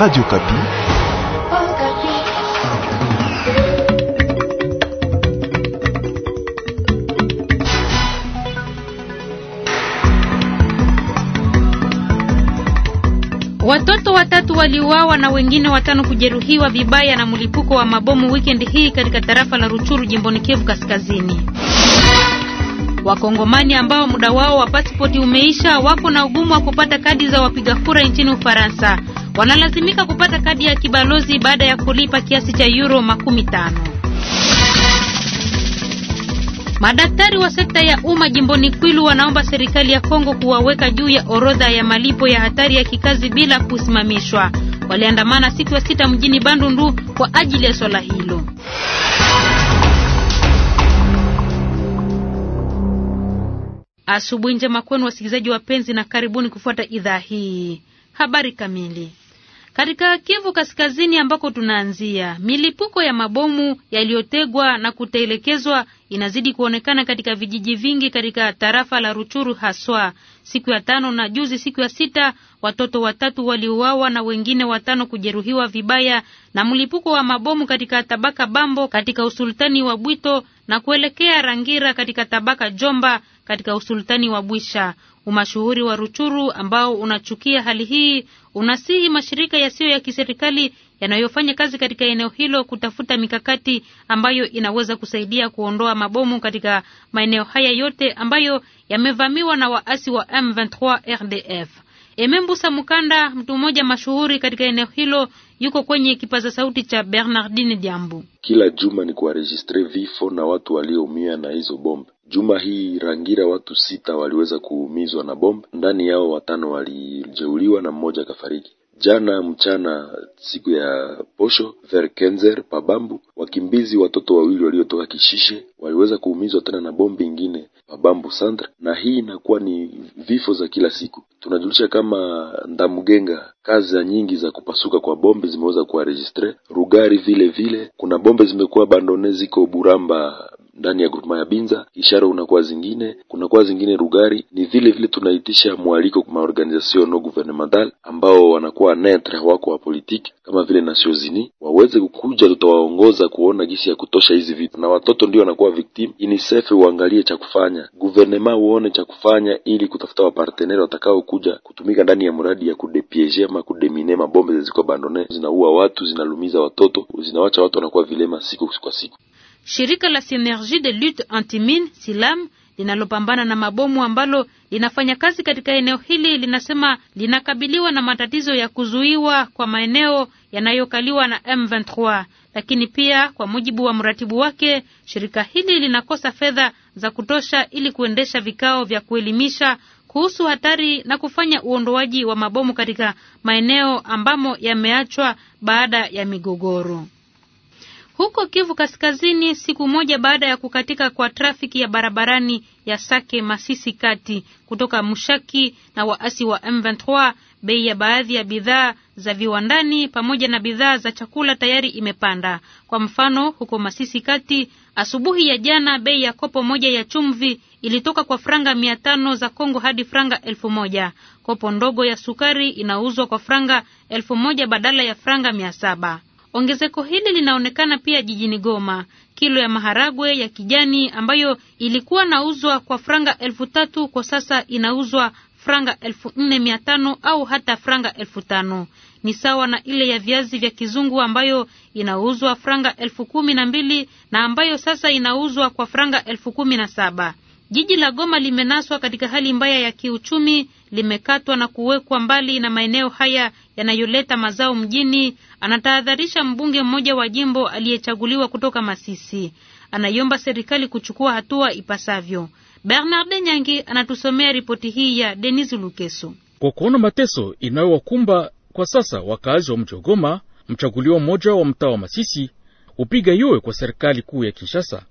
Radio Kapi. Watoto watatu waliuawa na wengine watano kujeruhiwa vibaya na mlipuko wa mabomu weekend hii katika tarafa la Ruchuru jimboni Kivu Kaskazini. Wakongomani ambao muda wao wa pasipoti umeisha wako na ugumu wa kupata kadi za wapiga kura nchini Ufaransa wanalazimika kupata kadi ya kibalozi baada ya kulipa kiasi cha euro makumi tano. Madaktari wa sekta ya umma jimboni Kwilu wanaomba serikali ya Kongo kuwaweka juu ya orodha ya malipo ya hatari ya kikazi bila kusimamishwa. Waliandamana siku ya sita mjini Bandundu kwa ajili ya swala hilo. Asubuhi njema kwenu wasikilizaji wapenzi, na karibuni kufuata idhaa hii. Habari kamili katika Kivu Kaskazini ambako tunaanzia, milipuko ya mabomu yaliyotegwa na kutelekezwa inazidi kuonekana katika vijiji vingi katika tarafa la Ruchuru haswa. Siku ya tano na juzi siku ya sita, watoto watatu waliuawa na wengine watano kujeruhiwa vibaya na mlipuko wa mabomu katika tabaka Bambo katika usultani wa Bwito na kuelekea Rangira katika tabaka Jomba katika usultani wa Bwisha. Umashuhuri wa Ruchuru ambao unachukia hali hii unasihi mashirika yasiyo ya kiserikali yanayofanya kazi katika eneo hilo kutafuta mikakati ambayo inaweza kusaidia kuondoa mabomu katika maeneo haya yote ambayo yamevamiwa na waasi wa M23 RDF. Emembusa Mukanda, mtu mmoja mashuhuri katika eneo hilo, yuko kwenye kipaza sauti cha Bernardine Diambu. Kila juma ni kuwaregistre vifo na watu walioumia na hizo bomba. Juma hii Rangira watu sita waliweza kuumizwa na bomba, ndani yao watano walijeuliwa na mmoja kafariki. Jana mchana siku ya posho Verkenzer Pabambu, wakimbizi watoto wawili waliotoka Kishishe waliweza kuumizwa tena na bombi ingine Pabambu Centre, na hii inakuwa ni vifo za kila siku. Tunajulisha kama Ndamugenga, kazi za nyingi za kupasuka kwa bombe zimeweza kuwa Rugari, vile vile kuna bombe zimekuwa bandone ziko Buramba ndani ya grupema ya Binza, Ishara unakuwa zingine, kunakuwa zingine Rugari, ni vile vile tunaitisha mwaliko kwa maorganisation no gouvernemental ambao wanakuwa netre wako wa politiki kama vile nasiozini waweze kukuja, tutawaongoza kuona gisi ya kutosha hizi vitu, na watoto ndio wanakuwa victim. UNICEF uangalie cha kufanya, gouvernement uone cha kufanya, ili kutafuta waparteneri watakao kuja kutumika ndani ya mradi ya kudepiege ama kudemine mabombe zilizoko bandone, zinaua watu, zinalumiza watoto, zinawacha watu wanakuwa vilema siku kwa siku. Shirika la Synergie de Lutte Antimine Silam linalopambana na mabomu ambalo linafanya kazi katika eneo hili linasema linakabiliwa na matatizo ya kuzuiwa kwa maeneo yanayokaliwa na M23, lakini pia kwa mujibu wa mratibu wake, shirika hili linakosa fedha za kutosha ili kuendesha vikao vya kuelimisha kuhusu hatari na kufanya uondoaji wa mabomu katika maeneo ambamo yameachwa baada ya migogoro. Huko Kivu Kaskazini, siku moja baada ya kukatika kwa trafiki ya barabarani ya Sake Masisi kati kutoka Mushaki na waasi wa M23, bei ya baadhi ya bidhaa za viwandani pamoja na bidhaa za chakula tayari imepanda. Kwa mfano, huko Masisi kati, asubuhi ya jana bei ya kopo moja ya chumvi ilitoka kwa franga mia tano za Kongo hadi franga elfu moja. Kopo ndogo ya sukari inauzwa kwa franga elfu moja badala ya franga mia saba. Ongezeko hili linaonekana pia jijini Goma. Kilo ya maharagwe ya kijani ambayo ilikuwa nauzwa kwa franga elfu tatu kwa sasa inauzwa franga elfu nne mia tano au hata franga elfu tano ni sawa na ile ya viazi vya kizungu ambayo inauzwa franga elfu kumi na mbili na ambayo sasa inauzwa kwa franga elfu kumi na saba. Jiji la Goma limenaswa katika hali mbaya ya kiuchumi, limekatwa na kuwekwa mbali na maeneo haya yanayoleta mazao mjini, anatahadharisha mbunge mmoja wa jimbo aliyechaguliwa kutoka Masisi. Anaiomba serikali kuchukua hatua ipasavyo. Bernard Nyangi anatusomea ripoti hii ya Denis Lukeso. Kwa kuona mateso inayowakumba kwa sasa wakaazi wa mji wa Goma, mchaguliwa mmoja wa mtaa wa Masisi hupiga yowe kwa serikali kuu ya Kinshasa.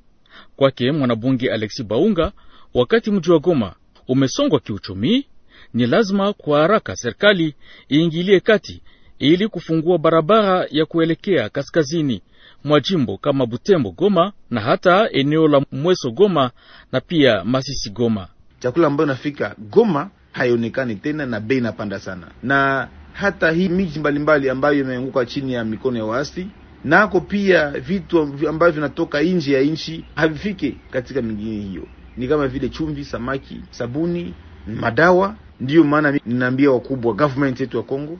Kwake mwanabunge Alexi Baunga Wakati mji wa Goma umesongwa kiuchumi, ni lazima kwa haraka serikali iingilie kati ili kufungua barabara ya kuelekea kaskazini mwa jimbo kama Butembo Goma na hata eneo la Mweso Goma na pia Masisi Goma. Chakula ambayo inafika Goma haionekani tena na bei inapanda sana, na hata hii miji mbalimbali ambayo imeanguka chini ya mikono ya waasi nako pia vitu ambavyo vinatoka nje ya nchi havifiki katika mingine hiyo ni kama vile chumvi, samaki, sabuni, madawa. Ndiyo maana ninaambia wakubwa government yetu ya Kongo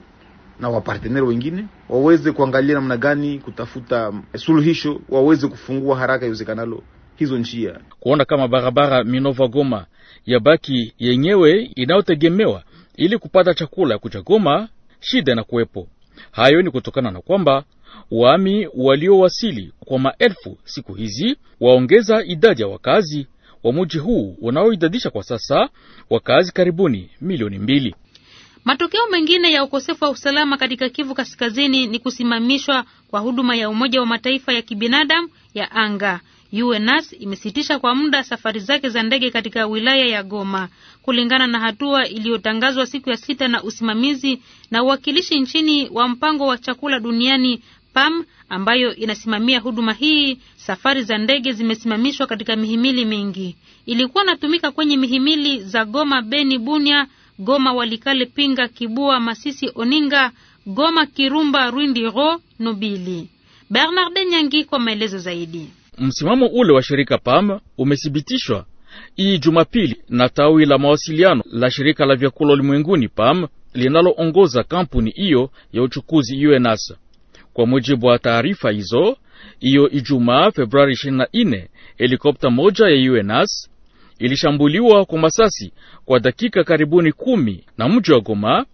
na waparteneri wengine waweze kuangalia namna gani kutafuta suluhisho, waweze kufungua haraka iwezekanalo hizo njia, kuona kama barabara Minova Goma yabaki yenyewe inayotegemewa ili kupata chakula kuja Goma. Shida na kuwepo hayo ni kutokana na kwamba waami waliowasili kwa maelfu siku hizi waongeza idadi ya wakazi wa muji huu unaoidadisha kwa sasa wakazi karibuni milioni mbili. Matokeo mengine ya ukosefu wa usalama katika Kivu Kaskazini ni kusimamishwa kwa huduma ya Umoja wa Mataifa ya kibinadamu ya anga. UNAS imesitisha kwa muda safari zake za ndege katika wilaya ya Goma kulingana na hatua iliyotangazwa siku ya sita na usimamizi na uwakilishi nchini wa mpango wa chakula duniani PAM ambayo inasimamia huduma hii, safari za ndege zimesimamishwa katika mihimili mingi. Ilikuwa natumika kwenye mihimili za Goma, Beni, Bunia, Goma, Walikale, Pinga, Kibua, Masisi, Oninga, Goma, Kirumba, Ro, Nobili. Bernard Nyangi kwa maelezo zaidi. Msimamo ule wa shirika PAM umethibitishwa hii Jumapili na tawi la mawasiliano la shirika la vyakula ulimwenguni PAM linaloongoza kampuni hiyo ya uchukuzi UNAS. Kwa mujibu wa taarifa hizo, hiyo Ijumaa Februari 24, helikopta moja ya UNAS ilishambuliwa kwa masasi kwa dakika karibuni kumi na mji wa Goma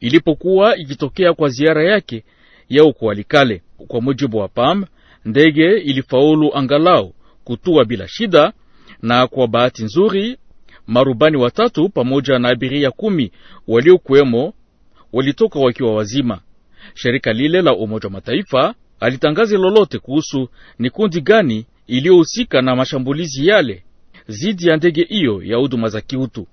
ilipokuwa ikitokea kwa ziara yake ya uko alikale Kwa mujibu wa PAM, ndege ilifaulu angalau kutua bila shida, na kwa bahati nzuri marubani watatu pamoja na abiria kumi waliokuwemo walitoka wakiwa wazima. Shirika lile la Umoja wa Mataifa alitangaza lolote kuhusu ni kundi gani iliyohusika na mashambulizi yale zidi ya ndege hiyo ya huduma za kiutu,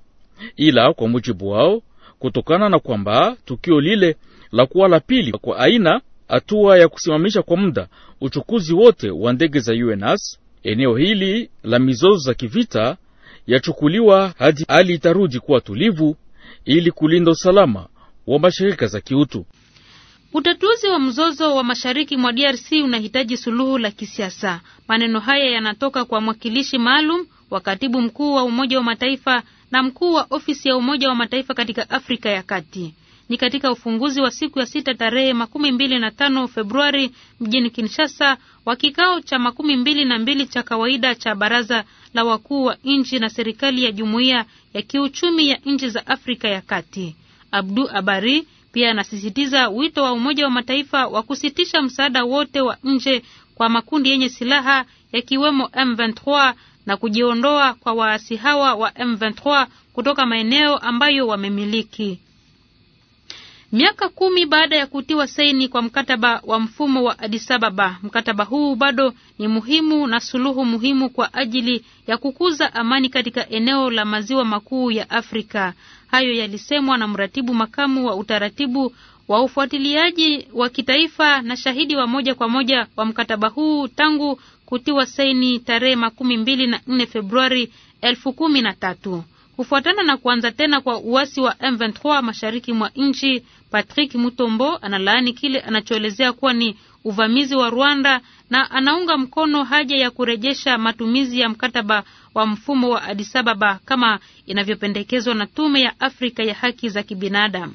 ila kwa mujibu wao, kutokana na kwamba tukio lile la kuwa la pili kwa aina, hatua ya kusimamisha kwa muda uchukuzi wote wa ndege za uns eneo hili la mizozo za kivita yachukuliwa hadi hali itarudi kuwa tulivu ili kulinda usalama wa mashirika za kiutu. Utatuzi wa mzozo wa mashariki mwa DRC unahitaji suluhu la kisiasa. Maneno haya yanatoka kwa mwakilishi maalum wa katibu mkuu wa Umoja wa Mataifa na mkuu wa ofisi ya Umoja wa Mataifa katika Afrika ya Kati. Ni katika ufunguzi wa siku ya sita tarehe makumi mbili na tano Februari mjini Kinshasa wa kikao cha makumi mbili na mbili cha kawaida cha baraza la wakuu wa nchi na serikali ya jumuiya ya kiuchumi ya nchi za Afrika ya Kati. Abdu Abari pia anasisitiza wito wa Umoja wa Mataifa wa kusitisha msaada wote wa nje kwa makundi yenye silaha yakiwemo M23 na kujiondoa kwa waasi hawa wa M23 kutoka maeneo ambayo wamemiliki. Miaka kumi baada ya kutiwa saini kwa mkataba wa mfumo wa Addis Ababa, mkataba huu bado ni muhimu na suluhu muhimu kwa ajili ya kukuza amani katika eneo la maziwa makuu ya Afrika. Hayo yalisemwa na mratibu makamu wa utaratibu wa ufuatiliaji wa kitaifa na shahidi wa moja kwa moja wa mkataba huu tangu kutiwa saini tarehe makumi mbili na nne Februari elfu kumi na tatu kufuatana na kuanza tena kwa uasi wa M23 mashariki mwa nchi. Patrick Mutombo analaani kile anachoelezea kuwa ni uvamizi wa Rwanda na anaunga mkono haja ya kurejesha matumizi ya mkataba wa mfumo wa Addis Ababa kama inavyopendekezwa na Tume ya Afrika ya Haki za Kibinadamu.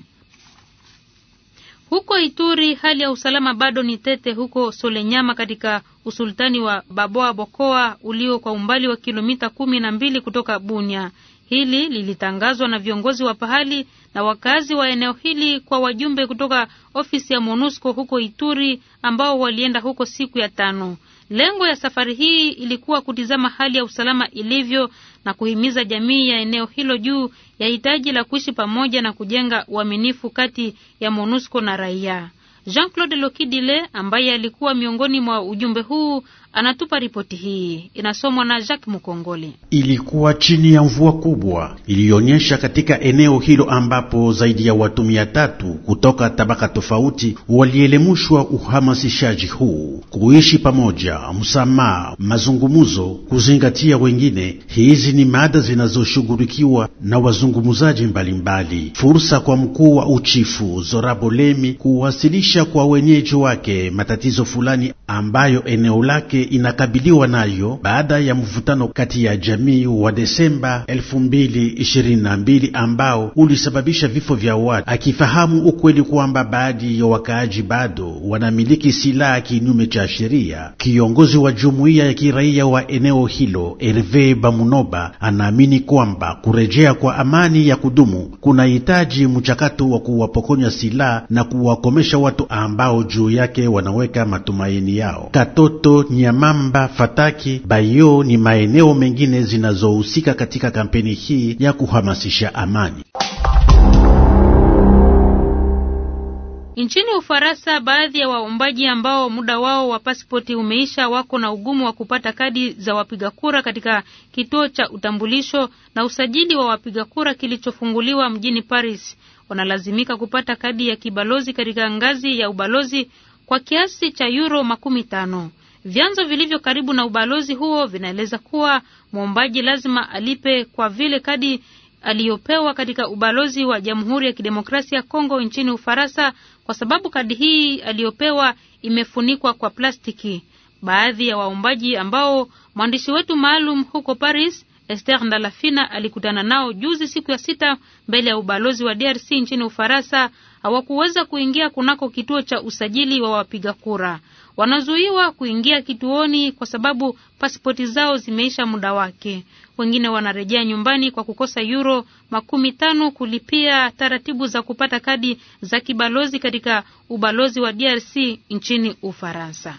Huko Ituri hali ya usalama bado ni tete huko Solenyama katika usultani wa Baboa Bokoa ulio kwa umbali wa kilomita kumi na mbili kutoka Bunia. Hili lilitangazwa na viongozi wa pahali na wakazi wa eneo hili kwa wajumbe kutoka ofisi ya MONUSCO huko Ituri ambao walienda huko siku ya tano. Lengo ya safari hii ilikuwa kutizama hali ya usalama ilivyo na kuhimiza jamii ya eneo hilo juu ya hitaji la kuishi pamoja na kujenga uaminifu kati ya MONUSCO na raia. Jean-Claude Lokidile ambaye alikuwa miongoni mwa ujumbe huu anatupa ripoti hii, inasomwa na Jacques Mukongole. Ilikuwa chini ya mvua kubwa ilionyesha katika eneo hilo ambapo zaidi ya watu mia tatu kutoka tabaka tofauti walielemushwa uhamasishaji huu: kuishi pamoja, msamaha, mazungumzo, kuzingatia wengine. Hizi ni mada zinazoshughulikiwa na wazungumzaji mbalimbali. Fursa kwa mkuu wa uchifu Zorabo Lemi kuwasilisha kwa wenyeji wake matatizo fulani ambayo eneo lake inakabiliwa nayo baada ya mvutano kati ya jamii wa Desemba 2022 ambao ulisababisha vifo vya watu, akifahamu ukweli kwamba baadhi ya wakaaji bado wanamiliki silaha kinyume cha sheria. Kiongozi wa jumuiya ya kiraia wa eneo hilo Herve Bamunoba anaamini kwamba kurejea kwa amani ya kudumu kunahitaji mchakato wa kuwapokonya silaha na kuwakomesha watu ambao juu yake wanaweka matumaini yao. Katoto nya Nyamamba, Fataki, Bayo ni maeneo mengine zinazohusika katika kampeni hii ya kuhamasisha amani. Nchini Ufaransa, baadhi ya waombaji ambao muda wao wa pasipoti umeisha wako na ugumu wa kupata kadi za wapiga kura katika kituo cha utambulisho na usajili wa wapiga kura kilichofunguliwa mjini Paris. Wanalazimika kupata kadi ya kibalozi katika ngazi ya ubalozi kwa kiasi cha euro makumi tano. Vyanzo vilivyo karibu na ubalozi huo vinaeleza kuwa mwombaji lazima alipe kwa vile kadi aliyopewa katika ubalozi wa Jamhuri ya Kidemokrasia ya Kongo nchini Ufaransa, kwa sababu kadi hii aliyopewa imefunikwa kwa plastiki. Baadhi ya waombaji ambao mwandishi wetu maalum huko Paris Esther Ndalafina alikutana nao juzi siku ya sita mbele ya ubalozi wa DRC nchini Ufaransa hawakuweza kuingia kunako kituo cha usajili wa wapiga kura wanazuiwa kuingia kituoni kwa sababu pasipoti zao zimeisha muda wake. Wengine wanarejea nyumbani kwa kukosa yuro makumi tano kulipia taratibu za kupata kadi za kibalozi katika ubalozi wa DRC nchini Ufaransa.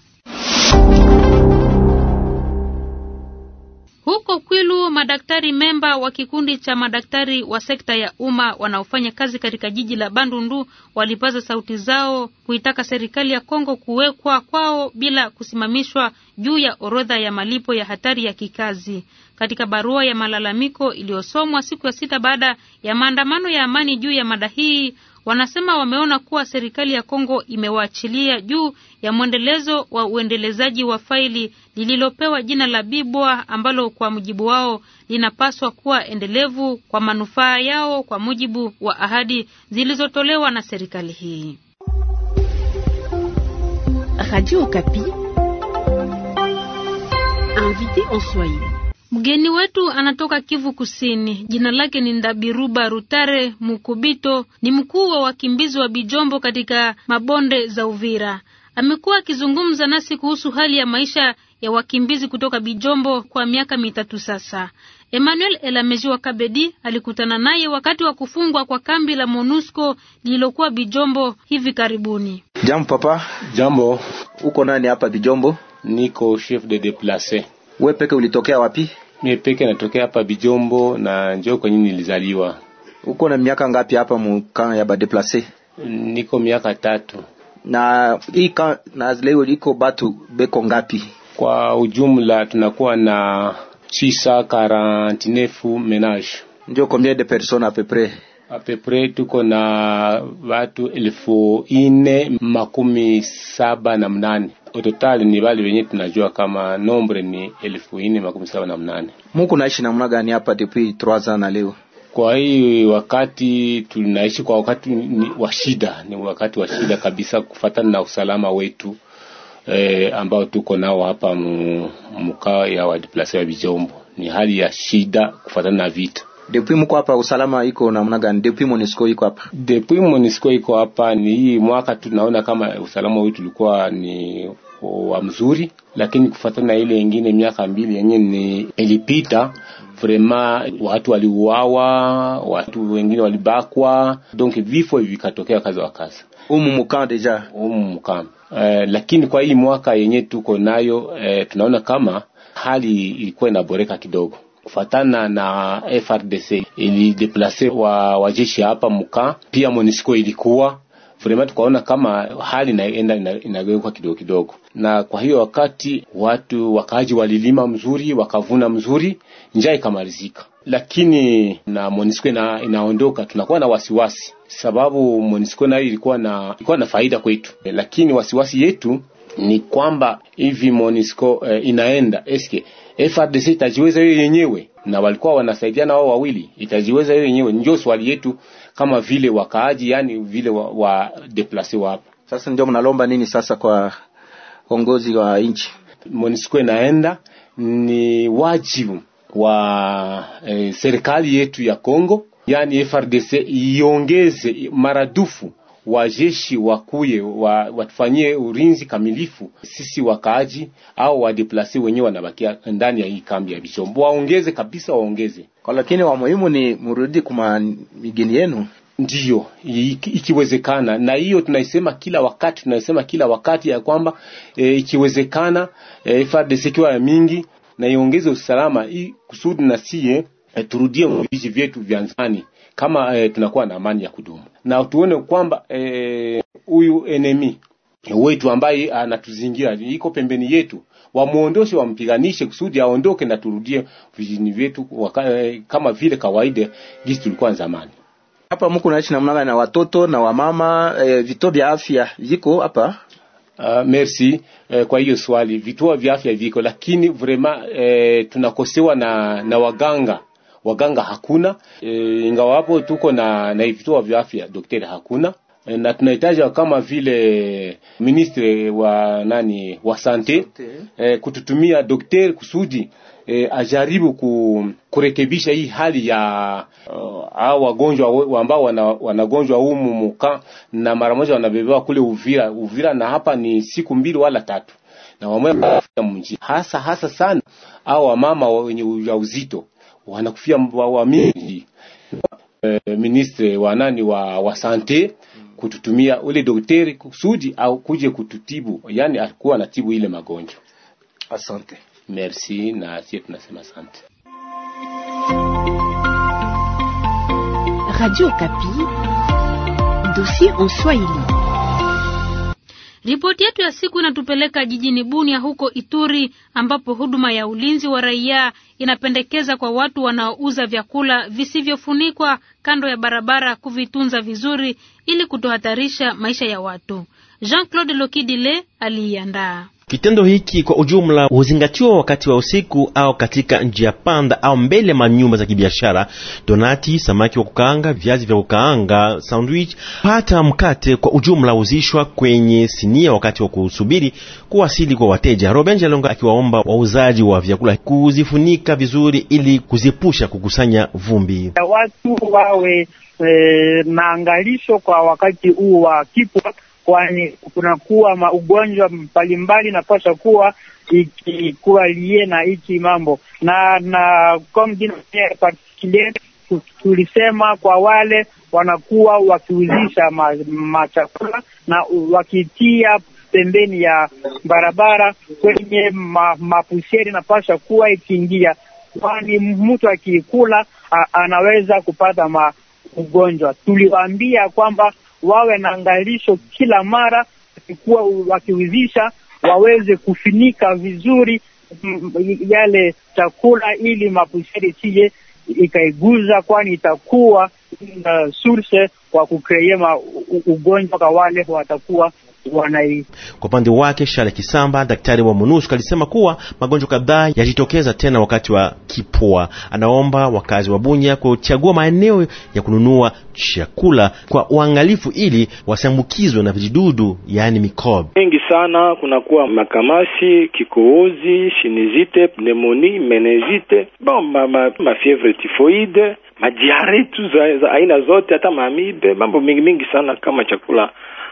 Huko Kwilu, madaktari memba wa kikundi cha madaktari wa sekta ya umma wanaofanya kazi katika jiji la Bandundu walipaza sauti zao kuitaka serikali ya Kongo kuwekwa kwao bila kusimamishwa juu ya orodha ya malipo ya hatari ya kikazi. Katika barua ya malalamiko iliyosomwa siku ya sita baada ya maandamano ya amani juu ya mada hii, wanasema wameona kuwa serikali ya Kongo imewaachilia juu ya mwendelezo wa uendelezaji wa faili lililopewa jina la Bibwa ambalo kwa mujibu wao linapaswa kuwa endelevu kwa manufaa yao kwa mujibu wa ahadi zilizotolewa na serikali hii. Radio Kapi, invité en Swahili. Mgeni wetu anatoka Kivu Kusini. Jina lake ni Ndabiruba Rutare Mukubito, ni mkuu wa wakimbizi wa Bijombo katika mabonde za Uvira. Amekuwa akizungumza nasi kuhusu hali ya maisha ya wakimbizi kutoka Bijombo kwa miaka mitatu sasa. Emmanuel Elamejiwa Kabedi alikutana naye wakati wa kufungwa kwa kambi la MONUSCO lililokuwa Bijombo hivi karibuni. Jambo papa. Jambo. Uko nani hapa Bijombo? Niko chef de deplace. Wewe peke ulitokea wapi? Mie peke natokea hapa Bijombo na njoo nini nilizaliwa. Uko na miaka ngapi hapa mukana ya badeplace? Niko miaka tatu. Na hii na leo liko batu beko ngapi? Kwa ujumla tunakuwa na sisa karantinefu menage. Ndio combien de personnes a peu près? peu près tuko na watu elfu ine makumi saba na mnane. Utotali ni bali wenye tunajua kama nombre ni elfu ine makumi saba na mnane. Muku naishi namna gani hapa depuis 3 ans na leo? Kwa hii wakati tunaishi kwa wakati wa shida, ni wakati wa shida kabisa kufatana na usalama wetu e, ambao tuko nao hapa mkaa ya wadiplase wa Bijombo. Ni hali ya shida kufatana na vita Depuis mko hapa, usalama iko namna gani? Depuis Monisco iko hapa, depuis Monisco iko hapa, ni hii mwaka tunaona kama usalama wetu ulikuwa ni wa mzuri, lakini kufuatana na ile ingine miaka mbili yenye ni ilipita Vrema watu waliuawa, watu wengine walibakwa, donc vifo vikatokea kazi wa kazi umu mukam deja umu mukam E, eh, lakini kwa hii mwaka yenye tuko nayo e, tunaona kama hali ilikuwa inaboreka kidogo kufatana na FRDC ilideplase wa wajeshi hapa muka, pia MONUSCO ilikuwa vrema, tukaona kama hali inaenda inageuka kidogo kidogo, na kwa hiyo wakati watu wakaaji walilima mzuri wakavuna mzuri, njaa ikamalizika, lakini na MONUSCO ina, inaondoka, tunakuwa na wasiwasi sababu MONUSCO nayo ilikuwa na, ilikuwa na faida kwetu, lakini wasiwasi yetu ni kwamba hivi Monisco eh, inaenda eske FRDC itajiweza hiyo yenyewe, na walikuwa wanasaidiana wao wawili, itajiweza hiyo yenyewe. Ndio swali yetu kama vile wakaaji, yani vile wa, wa deplase wa hapa sasa. Ndio mnalomba nini sasa kwa ongozi wa nchi? Monisco inaenda ni wajibu wa eh, serikali yetu ya Kongo, yani FRDC iongeze maradufu wajeshi wakuye wa, watufanyie ulinzi kamilifu. Sisi wakaaji au wadeplase wenyewe wanabakia ndani ya hii kambi ya Bichombo, waongeze kabisa, waongeze kwa, lakini wa muhimu ni murudi kuma migeni yenu Ndiyo, ikiwezekana. Na hiyo tunaisema kila wakati, tunaisema kila wakati ya kwamba e, ikiwezekana e, FARDC kiwa ya mingi na iongeze usalama hii kusudi na sie e, turudie vijiji vyetu vya nzani kama e, tunakuwa na amani ya kudumu na tuone kwamba eh, huyu e, enemi wetu ambaye anatuzingira iko pembeni yetu, wamwondoshe, wampiganishe kusudi aondoke na turudie vijini vyetu eh, kama vile kawaida jinsi tulikuwa zamani. Hapa mko naishi namna gani na watoto na wamama? E, vituo vya afya viko hapa? Uh, merci uh, kwa hiyo swali, vituo vya afya viko, lakini vraiment uh, tunakosewa na, na waganga waganga hakuna e, ingawa hapo tuko na, na vituo vya afya daktari hakuna e, na tunahitaji kama vile ministre wa nani wa sante e, kututumia daktari kusudi e, ajaribu ku, kurekebisha hii hali ya uh, wagonjwa ambao wanagonjwa wana humu muka na mara moja wanabebewa kule Uvira Uvira, na hapa ni siku mbili wala tatu na wamoja hasa hasa sana au wamama wenye ujauzito wanakufia waamini e, eh, ministre wa nani wa, wa sante kututumia ule daktari kusudi au kuje kututibu, yani alikuwa anatibu ile magonjwa. Asante, merci, na sie tunasema asante. Radio Kapi, dossier en Swahili. Ripoti yetu ya siku inatupeleka jijini Bunia huko Ituri ambapo huduma ya ulinzi wa raia inapendekeza kwa watu wanaouza vyakula visivyofunikwa kando ya barabara kuvitunza vizuri ili kutohatarisha maisha ya watu. Jean-Claude Lokidile aliiandaa. Kitendo hiki kwa ujumla huzingatiwa wakati wa usiku au katika njia panda au mbele manyumba za kibiashara. Donati, samaki wa kukaanga, viazi vya kukaanga, sandwich, hata mkate kwa ujumla huzishwa kwenye sinia wakati wa kusubiri kuwasili kwa wateja. robe Jalonga akiwaomba wauzaji wa vyakula kuzifunika vizuri ili kuzipusha kukusanya vumbi. Watu wawe e, eh, maangalisho kwa wakati huu wa kipwa kwani kunakuwa maugonjwa mbalimbali inapasha kuwa ikikuwa lie na hiki mambo na na kwa tulisema kwa wale wanakuwa wakiuzisha machakula ma na wakitia pembeni ya barabara kwenye ma, mapusheri napasha kuwa ikiingia, kwani mtu akiikula anaweza kupata ma ugonjwa. Tuliwaambia kwamba wawe na angalisho kila mara, kuwa wakiwizisha waweze kufinika vizuri mm, mm, yale chakula, ili mapusheri chije ikaiguza, kwani itakuwa na mm, uh, source kwa kukreema ugonjwa kwa wale watakuwa kwa upande wake Shale Kisamba, daktari wa MONUSCO, alisema kuwa magonjwa kadhaa yajitokeza tena wakati wa kipua. Anaomba wakazi wa Bunya kuchagua maeneo ya kununua chakula kwa uangalifu, ili wasiambukizwe na vijidudu, yaani mikobe mengi sana. Kunakuwa makamasi, kikohozi, shinizite, pneumoni, menezite, bon ma, ma, tifoide, majiare tu za, za aina zote, hata maamibe, mambo mingi mingi sana kama chakula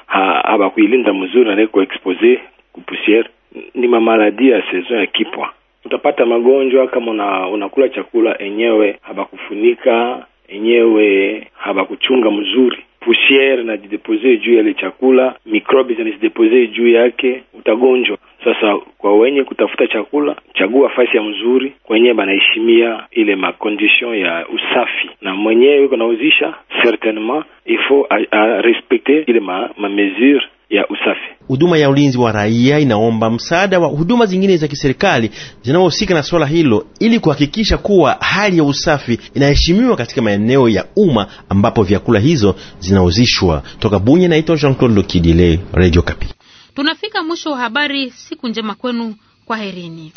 habakuilinda mzuri, anaikuwa expose kupusiere. Ni mamaladi ya saison ya kipwa, utapata magonjwa kama una, unakula chakula enyewe habakufunika enyewe habakuchunga mzuri pusiere inajidepozie juu ya ile chakula, mikrobi zinajidepozie juu yake, utagonjwa. Sasa kwa wenye kutafuta chakula, chagua fasi ya mzuri kwenye banaheshimia ile makondisyon ya usafi, na mwenyewe yuko nauzisha certainement ifo a, respecte ile ma, ma mesure ya usafi. Huduma ya ulinzi wa raia inaomba msaada wa huduma zingine za kiserikali zinazohusika na swala hilo ili kuhakikisha kuwa hali ya usafi inaheshimiwa katika maeneo ya umma ambapo vyakula hizo zinauzishwa. Toka bunye naitwa Jean Claude Lokidile, Radio Kapi. Tunafika mwisho wa habari. Siku njema kwenu, kwaherini.